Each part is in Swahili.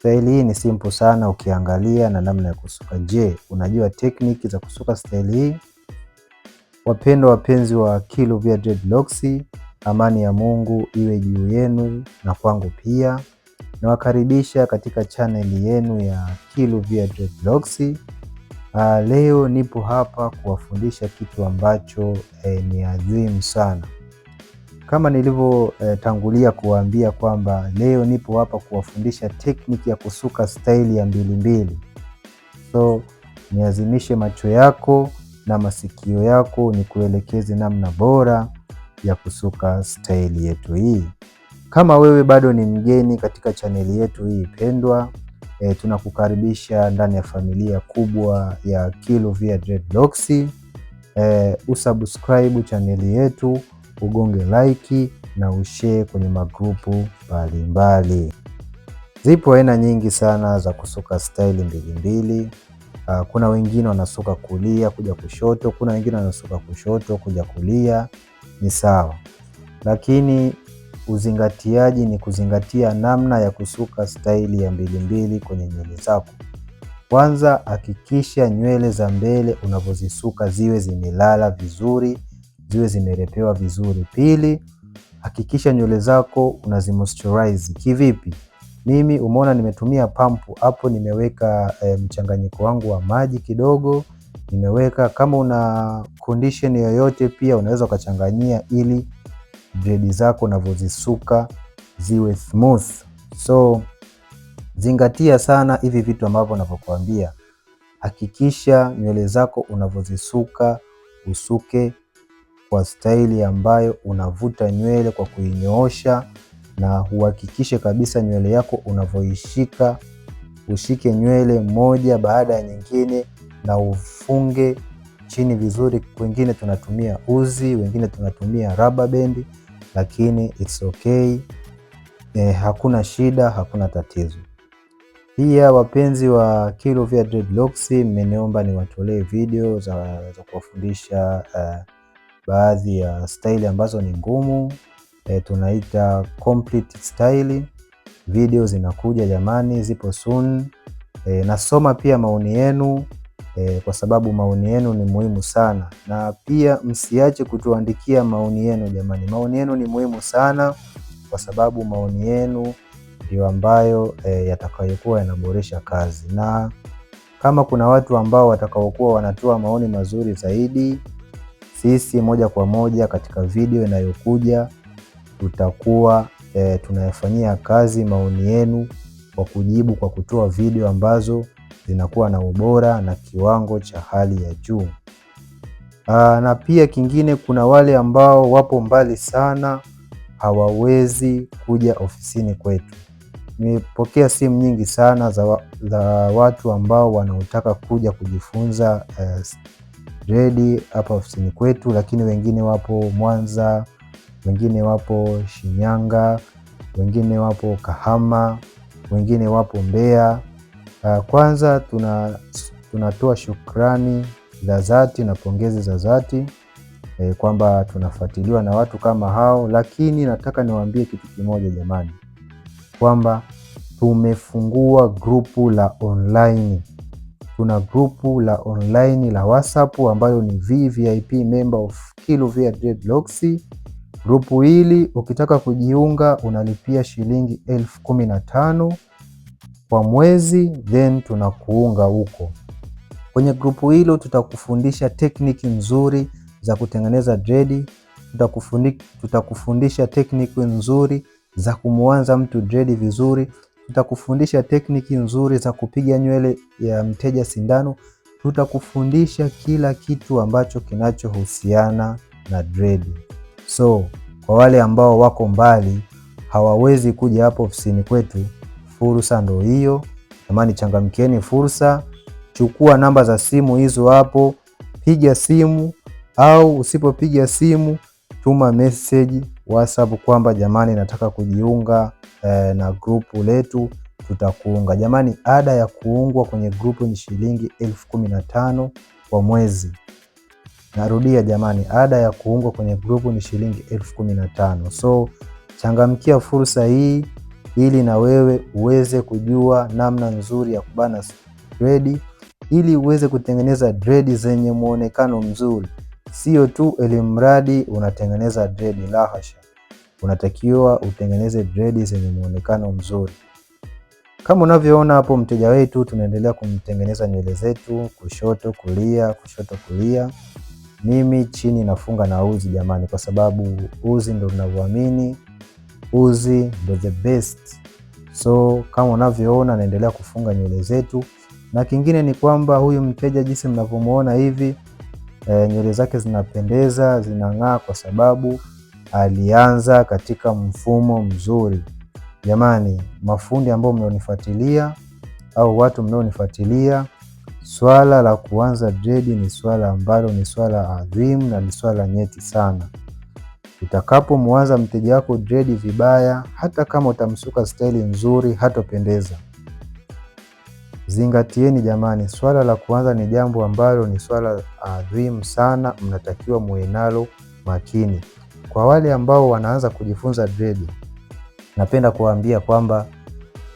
Staili hii ni simple sana ukiangalia na namna ya kusuka. Je, unajua tekniki za kusuka staili hii? Wapendwa wapenzi wa Kiluvia Dreadlocks, amani ya Mungu iwe juu yenu na kwangu pia. Nawakaribisha katika chaneli yenu ya Kiluvia Dreadlocks. Ah, leo nipo hapa kuwafundisha kitu ambacho eh, ni adhimu sana. Kama nilivyotangulia eh, kuwaambia kwamba leo nipo hapa kuwafundisha tekniki ya kusuka staili ya mbilimbili. So niazimishe macho yako na masikio yako, nikuelekeze namna bora ya kusuka staili yetu hii. Kama wewe bado ni mgeni katika chaneli yetu hii pendwa, e, tunakukaribisha ndani ya familia kubwa ya Kiluvia Dreadlocks. E, usubscribe chaneli yetu ugonge like na ushare kwenye magrupu mbalimbali. Zipo aina nyingi sana za kusuka staili mbilimbili. Ah, kuna wengine wanasuka kulia kuja kushoto, kuna wengine wanasuka kushoto kuja kulia, ni sawa, lakini uzingatiaji ni kuzingatia namna ya kusuka staili ya mbilimbili kwenye nywele zako. Kwanza hakikisha nywele za mbele unavyozisuka ziwe zimelala vizuri ziwe zimerepewa vizuri. Pili, hakikisha nywele zako unazimoisturize. Kivipi? Mimi umeona nimetumia pampu hapo, nimeweka e, mchanganyiko wangu wa maji kidogo nimeweka. Kama una condition yoyote pia unaweza ukachanganyia, ili dread zako unavyozisuka ziwe smooth. So zingatia sana hivi vitu ambavyo unavyokuambia Hakikisha nywele zako unavyozisuka usuke kwa staili ambayo unavuta nywele kwa kuinyoosha, na uhakikishe kabisa nywele yako unavyoishika, ushike nywele moja baada ya nyingine na ufunge chini vizuri. Wengine tunatumia uzi, wengine tunatumia rubber band, lakini it's okay. Eh, hakuna shida, hakuna tatizo. Pia wapenzi wa Kiluvia Dreadlocks, mmeniomba niwatolee video za, za kuwafundisha uh, baadhi ya staili ambazo ni ngumu e, tunaita complete style. Video zinakuja jamani, zipo soon. E, nasoma pia maoni yenu e, kwa sababu maoni yenu ni muhimu sana, na pia msiache kutuandikia maoni yenu jamani, maoni yenu ni muhimu sana kwa sababu maoni yenu ndio ambayo e, yatakayokuwa yanaboresha kazi, na kama kuna watu ambao watakaokuwa wanatoa maoni mazuri zaidi sisi moja kwa moja katika video inayokuja tutakuwa e, tunayafanyia kazi maoni yenu kwa kujibu kwa kutoa video ambazo zinakuwa na ubora na kiwango cha hali ya juu. Aa, ah, na pia kingine kuna wale ambao wapo mbali sana hawawezi kuja ofisini kwetu. Nimepokea simu nyingi sana za, za watu ambao wanaotaka kuja kujifunza eh, redi hapa ofisini kwetu, lakini wengine wapo Mwanza, wengine wapo Shinyanga, wengine wapo Kahama, wengine wapo Mbeya. Ah, kwanza tuna tunatoa shukrani za dhati na pongezi za dhati e, kwamba tunafuatiliwa na watu kama hao, lakini nataka niwaambie kitu kimoja jamani, kwamba tumefungua grupu la online Tuna grupu la online la WhatsApp ambayo ni VVIP member of Kiluvia Dreadlocks. Grupu hili ukitaka kujiunga unalipia shilingi elfu kumi na tano kwa mwezi, then tunakuunga huko kwenye grupu hilo. Tutakufundisha tekniki nzuri za kutengeneza dredi, tutakufundisha tekniki nzuri za kumwanza mtu dredi vizuri. Tutakufundisha tekniki nzuri za kupiga nywele ya mteja sindano. Tutakufundisha kila kitu ambacho kinachohusiana na dread. So kwa wale ambao wako mbali hawawezi kuja hapo ofisini kwetu, fursa ndo hiyo jamani, changamkieni fursa. Chukua namba za simu hizo hapo, piga simu au usipopiga simu tuma meseji WhatsApp kwamba jamani, nataka kujiunga e, na grupu letu tutakuunga. Jamani, ada ya kuungwa kwenye grupu ni shilingi elfu kumi na tano kwa mwezi. Narudia jamani, ada ya kuungwa kwenye grupu ni shilingi elfu kumi na tano. So changamkia fursa hii ili na wewe uweze kujua namna nzuri ya kubana dredi ili uweze kutengeneza dredi zenye mwonekano mzuri, sio tu elimradi unatengeneza dredi, la hasha unatakiwa utengeneze dredi zenye muonekano mzuri. Kama unavyoona hapo, mteja wetu tunaendelea kumtengeneza nywele zetu kushoto kulia, kushoto kulia. Mimi chini nafunga na uzi jamani, kwa sababu uzi ndo unavyoamini, uzi ndo the best. So kama unavyoona naendelea kufunga nywele zetu, na kingine ni kwamba huyu mteja jinsi mnavyomuona hivi e, nywele zake zinapendeza zinang'aa, kwa sababu alianza katika mfumo mzuri. Jamani, mafundi ambao mnaonifuatilia au watu mnaonifuatilia, swala la kuanza dredi ni swala ambalo ni swala adhimu na ni swala nyeti sana. Utakapomwanza mteja wako dredi vibaya, hata kama utamsuka staili nzuri, hatopendeza. Zingatieni jamani, swala la kuanza ni jambo ambalo ni swala adhimu sana, mnatakiwa muwe nalo makini. Kwa wale ambao wanaanza kujifunza dredi, napenda kuwaambia kwamba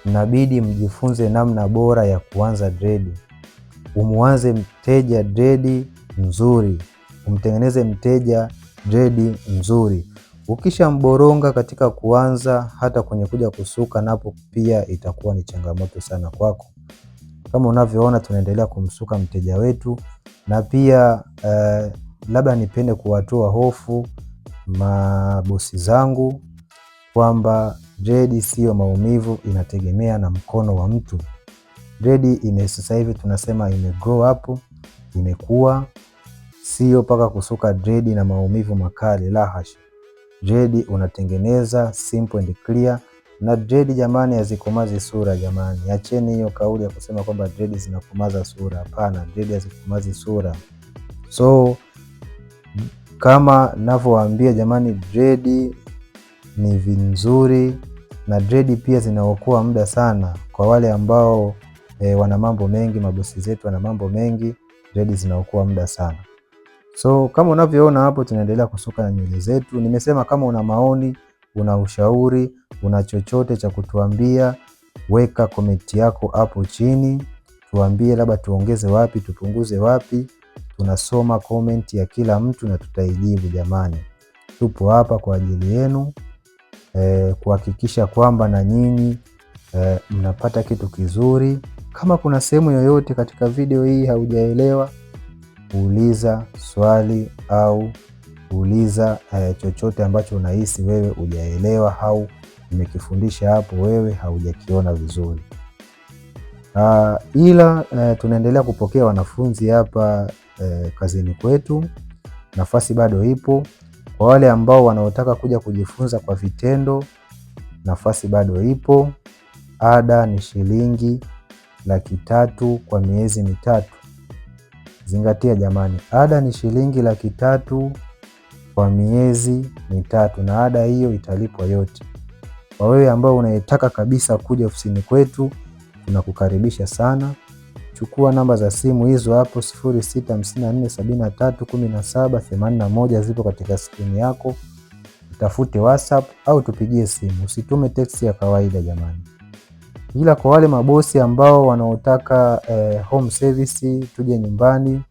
mnabidi mjifunze namna bora ya kuanza dredi. Umuanze mteja dredi nzuri, umtengeneze mteja dredi nzuri. mboronga katika kuanza, hata kwenye kuja kusuka napo pia itakuwa ni changamoto sana kwako. Kama unavyoona tunaendelea kumsuka mteja wetu, na pia eh, labda nipende kuwatoa hofu mabosi zangu kwamba dredi siyo maumivu, inategemea na mkono wa mtu. Dredi ime sasa hivi tunasema ime grow up, imekuwa, sio mpaka kusuka dredi na maumivu makali, la hasha. Dredi unatengeneza simple and clear na dredi jamani, hazikomazi sura jamani, acheni hiyo kauli ya kusema kwamba dredi zinakomaza sura. Hapana, dredi hazikomazi sura. So kama ninavyowaambia jamani, dredi ni vinzuri na dredi pia zinaokoa muda sana kwa wale ambao e, wana mambo mengi, mabosi zetu wana mambo mengi, dredi zinaokoa muda sana. So kama unavyoona hapo, tunaendelea kusuka na nywele zetu. Nimesema kama una maoni, una ushauri, una chochote cha kutuambia, weka komenti yako hapo chini, tuambie labda tuongeze wapi, tupunguze wapi tunasoma comment ya kila mtu na tutaijibu. Jamani, tupo hapa kwa ajili yenu eh, kuhakikisha kwamba na nyinyi eh, mnapata kitu kizuri. Kama kuna sehemu yoyote katika video hii haujaelewa, uliza swali au uliza eh, chochote ambacho unahisi wewe hujaelewa au nimekifundisha hapo wewe haujakiona vizuri. Uh, ila uh, tunaendelea kupokea wanafunzi hapa eh, kazini kwetu. Nafasi bado ipo kwa wale ambao wanaotaka kuja kujifunza kwa vitendo, nafasi bado ipo. Ada ni shilingi laki tatu kwa miezi mitatu. Zingatia jamani, ada ni shilingi laki tatu kwa miezi mitatu, na ada hiyo italipwa yote. Kwa wewe ambao unayetaka kabisa kuja ofisini kwetu, tunakukaribisha sana. Chukua namba za simu hizo hapo 0654731781 zipo katika skrini yako, utafute WhatsApp au tupigie simu, usitume text ya kawaida jamani. Ila kwa wale mabosi ambao wanaotaka eh, home service tuje nyumbani,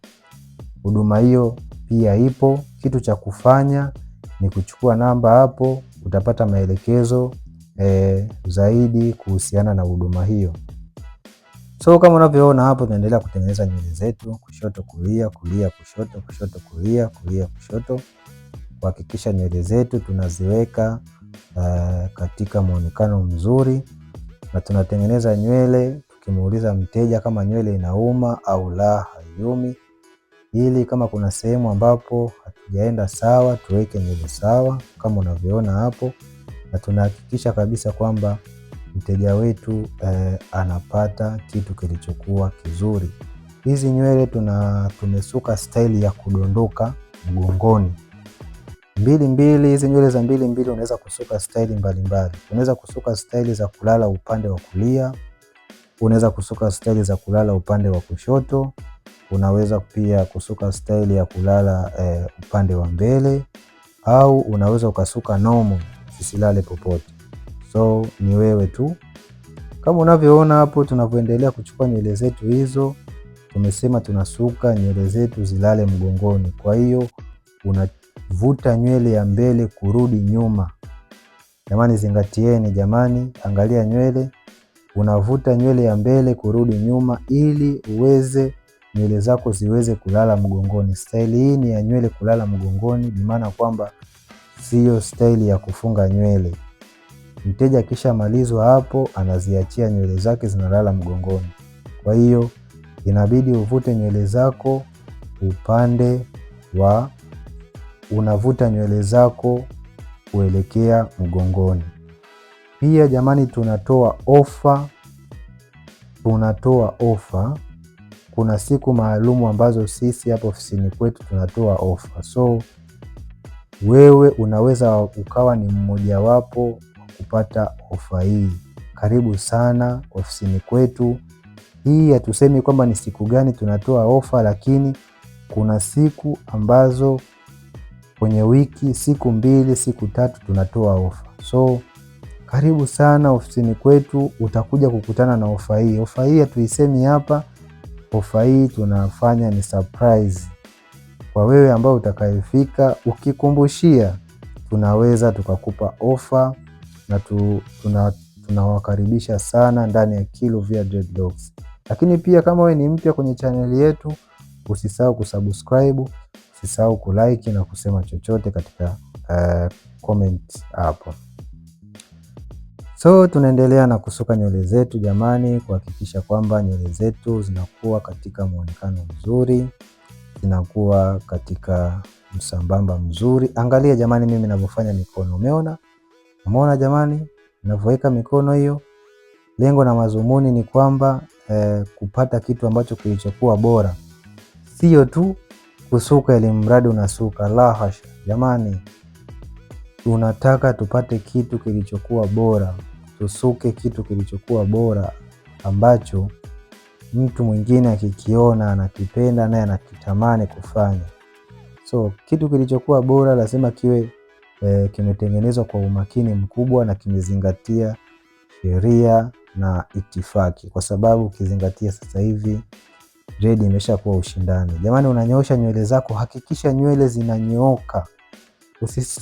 huduma hiyo pia ipo. Kitu cha kufanya ni kuchukua namba hapo, utapata maelekezo eh, zaidi kuhusiana na huduma hiyo. So kama unavyoona hapo, tunaendelea kutengeneza nywele zetu kushoto kulia, kulia kushoto, kushoto kulia, kulia kushoto, kuhakikisha nywele zetu tunaziweka uh, katika muonekano mzuri, na tunatengeneza nywele tukimuuliza mteja kama nywele inauma au la, haiumi, ili kama kuna sehemu ambapo hatujaenda sawa, tuweke nywele sawa kama unavyoona hapo, na tunahakikisha kabisa kwamba mteja wetu eh, anapata kitu kilichokuwa kizuri. Hizi nywele tuna tumesuka staili ya kudondoka mgongoni mbili mbili. Hizi nywele za mbili mbili unaweza kusuka staili mbalimbali. Unaweza kusuka staili za kulala upande wa kulia, unaweza kusuka staili za kulala upande wa kushoto, unaweza pia kusuka staili ya kulala eh, upande wa mbele, au unaweza ukasuka nomo zisilale popote so ni wewe tu. Kama unavyoona hapo, tunavyoendelea kuchukua nywele zetu hizo, tumesema tunasuka nywele zetu zilale mgongoni. Kwa hiyo unavuta nywele ya mbele kurudi nyuma. Jamani, zingatieni jamani, angalia nywele, unavuta nywele ya mbele kurudi nyuma ili uweze nywele zako ziweze kulala mgongoni. Staili hii ni ya nywele kulala mgongoni, bi maana kwamba siyo staili ya kufunga nywele. Mteja akishamalizwa hapo, anaziachia nywele zake zinalala mgongoni. Kwa hiyo inabidi uvute nywele zako upande wa, unavuta nywele zako kuelekea mgongoni. Pia jamani, tunatoa ofa, tunatoa ofa. Kuna siku maalumu ambazo sisi hapo ofisini kwetu tunatoa ofa, so wewe unaweza ukawa ni mmojawapo kupata ofa hii. Karibu sana ofisini kwetu. Hii hatusemi kwamba ni siku gani tunatoa ofa, lakini kuna siku ambazo kwenye wiki, siku mbili, siku tatu tunatoa ofa. So karibu sana ofisini kwetu, utakuja kukutana na ofa hii. Ofa hii hatuisemi hapa, ofa hii tunafanya ni surprise kwa wewe ambao utakayefika. Ukikumbushia, tunaweza tukakupa ofa na tunawakaribisha sana ndani ya Kiluvia Dreadlocks. Lakini pia kama wewe ni mpya kwenye chaneli yetu, usisahau kusubscribe, usisahau kulike na kusema chochote katika uh, comment hapo. So tunaendelea na kusuka nywele zetu jamani, kuhakikisha kwamba nywele zetu zinakuwa katika muonekano mzuri, zinakuwa katika msambamba mzuri. Angalia jamani, mimi ninavyofanya mikono, umeona Umeona jamani, unavyoweka mikono hiyo, lengo na mazumuni ni kwamba eh, kupata kitu ambacho kilichokuwa bora, sio tu kusuka ili mradi unasuka. La hasha jamani, tunataka tupate kitu kilichokuwa bora, tusuke kitu kilichokuwa bora ambacho mtu mwingine akikiona anakipenda naye anakitamani kufanya. So kitu kilichokuwa bora lazima kiwe e, kimetengenezwa kwa umakini mkubwa na kimezingatia sheria na itifaki, kwa sababu ukizingatia sasa hivi imesha kuwa ushindani. Jamani, unanyoosha nywele zako, hakikisha nywele zinanyooka.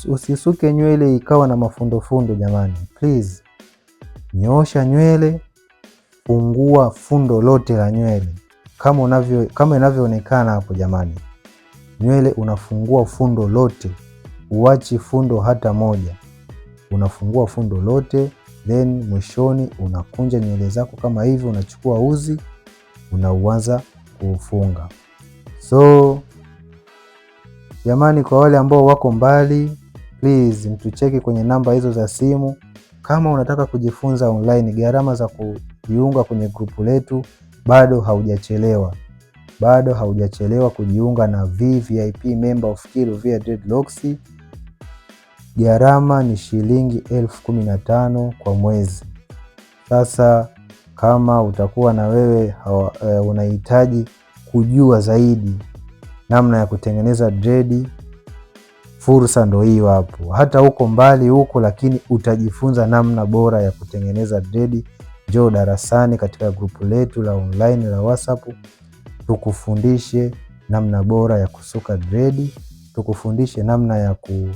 usisuke nywele ikawa na mafundofundo jamani, please nyoosha nywele, pungua fundo lote la nywele kama unavyo kama inavyoonekana hapo jamani, nywele unafungua fundo lote. Uwachi fundo hata moja, unafungua fundo lote, then mwishoni unakunja nywele zako kama hivi, unachukua uzi unauanza kuufunga. So jamani, kwa wale ambao wako mbali, please mtucheki kwenye namba hizo za simu kama unataka kujifunza online. Gharama za kujiunga kwenye grupu letu bado haujachelewa, bado haujachelewa kujiunga na VVIP member of Kiluvia Dreadlocks. Gharama ni shilingi elfu kumi na tano kwa mwezi. Sasa kama utakuwa na wewe e, unahitaji kujua zaidi namna ya kutengeneza dredi, fursa ndo hiyo hapo. Hata huko mbali huko, lakini utajifunza namna bora ya kutengeneza dredi. Njoo darasani katika grupu letu la online la WhatsApp, tukufundishe namna bora ya kusuka dredi, tukufundishe namna ya ku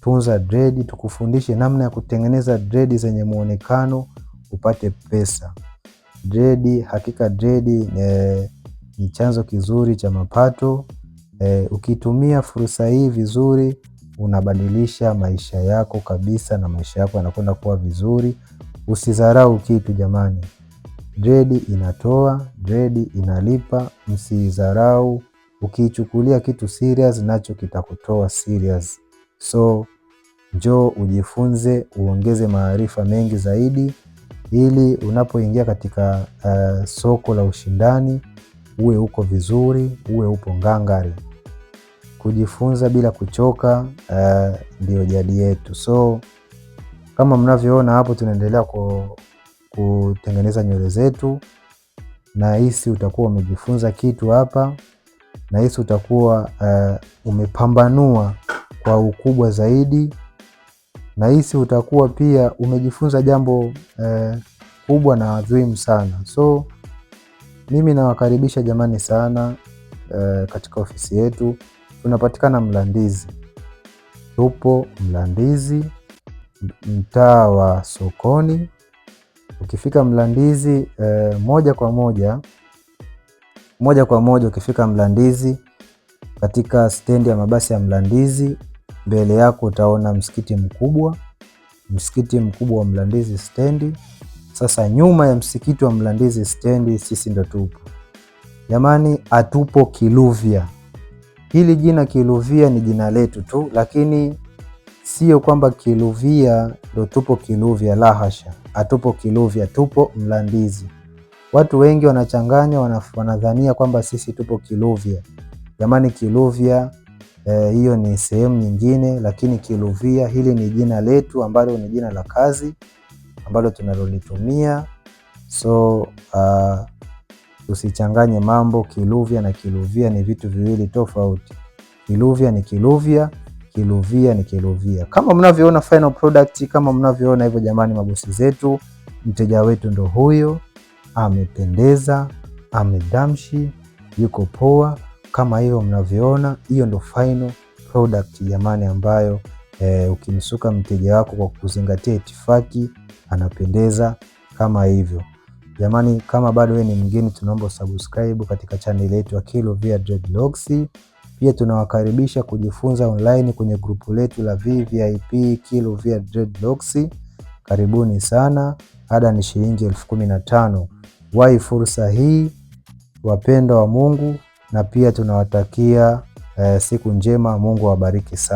tunza dredi, tukufundishe namna ya kutengeneza dredi zenye muonekano upate pesa. Dredi hakika dredi e, ni chanzo kizuri cha mapato e, ukitumia fursa hii vizuri unabadilisha maisha yako kabisa, na maisha yako yanakwenda kuwa vizuri. Usidharau kitu jamani, dredi inatoa, dredi inalipa, msidharau. Ukiichukulia kitu serious, nacho kitakutoa serious. So njoo ujifunze, uongeze maarifa mengi zaidi, ili unapoingia katika uh, soko la ushindani uwe uko vizuri, uwe upo ngangari. Kujifunza bila kuchoka eh, ndiyo uh, jadi yetu. So kama mnavyoona hapo, tunaendelea kutengeneza nywele zetu. Nahisi utakuwa umejifunza kitu hapa, nahisi utakuwa uh, umepambanua kwa ukubwa zaidi. Nahisi utakuwa pia umejifunza jambo eh, kubwa na adhimu sana. So mimi nawakaribisha jamani sana eh, katika ofisi yetu tunapatikana Mlandizi, tupo Mlandizi mtaa wa sokoni. Ukifika Mlandizi eh, moja kwa moja moja kwa moja ukifika Mlandizi katika stendi ya mabasi ya Mlandizi mbele yako utaona msikiti mkubwa, msikiti mkubwa wa Mlandizi stendi. Sasa nyuma ya msikiti wa Mlandizi stendi sisi ndo tupo jamani, atupo Kiluvya. Hili jina Kiluvya ni jina letu tu, lakini sio kwamba Kiluvya ndo tupo Kiluvya, lahasha, atupo Kiluvya, tupo Mlandizi. Watu wengi wanachanganya, wanadhania kwamba sisi tupo Kiluvya. Jamani, Kiluvya E, hiyo ni sehemu nyingine, lakini Kiluvia hili ni jina letu ambalo ni jina la kazi ambalo tunalolitumia. So uh, usichanganye mambo. Kiluvya na Kiluvia ni vitu viwili tofauti. Kiluvya ni Kiluvya, Kiluvia ni Kiluvia. Kama mnavyoona final product, kama mnavyoona hivyo, jamani mabosi zetu, mteja wetu ndo huyo, amependeza, amedamshi, yuko poa. Kama hivyo mnavyoona, hiyo ndo final product jamani, ambayo e, ukimsuka mteja wako kwa kuzingatia itifaki anapendeza kama hivyo. Jamani, kama bado wewe ni mgeni, tunaomba subscribe katika channel yetu ya Kiluvia Dreadlocks. Pia tunawakaribisha kujifunza online kwenye grupu letu la VVIP Kiluvia Dreadlocks. Karibuni sana, ada ni shilingi elfu kumi na tano. Wai fursa hii, wapendwa wa Mungu na pia tunawatakia eh, siku njema. Mungu awabariki sana.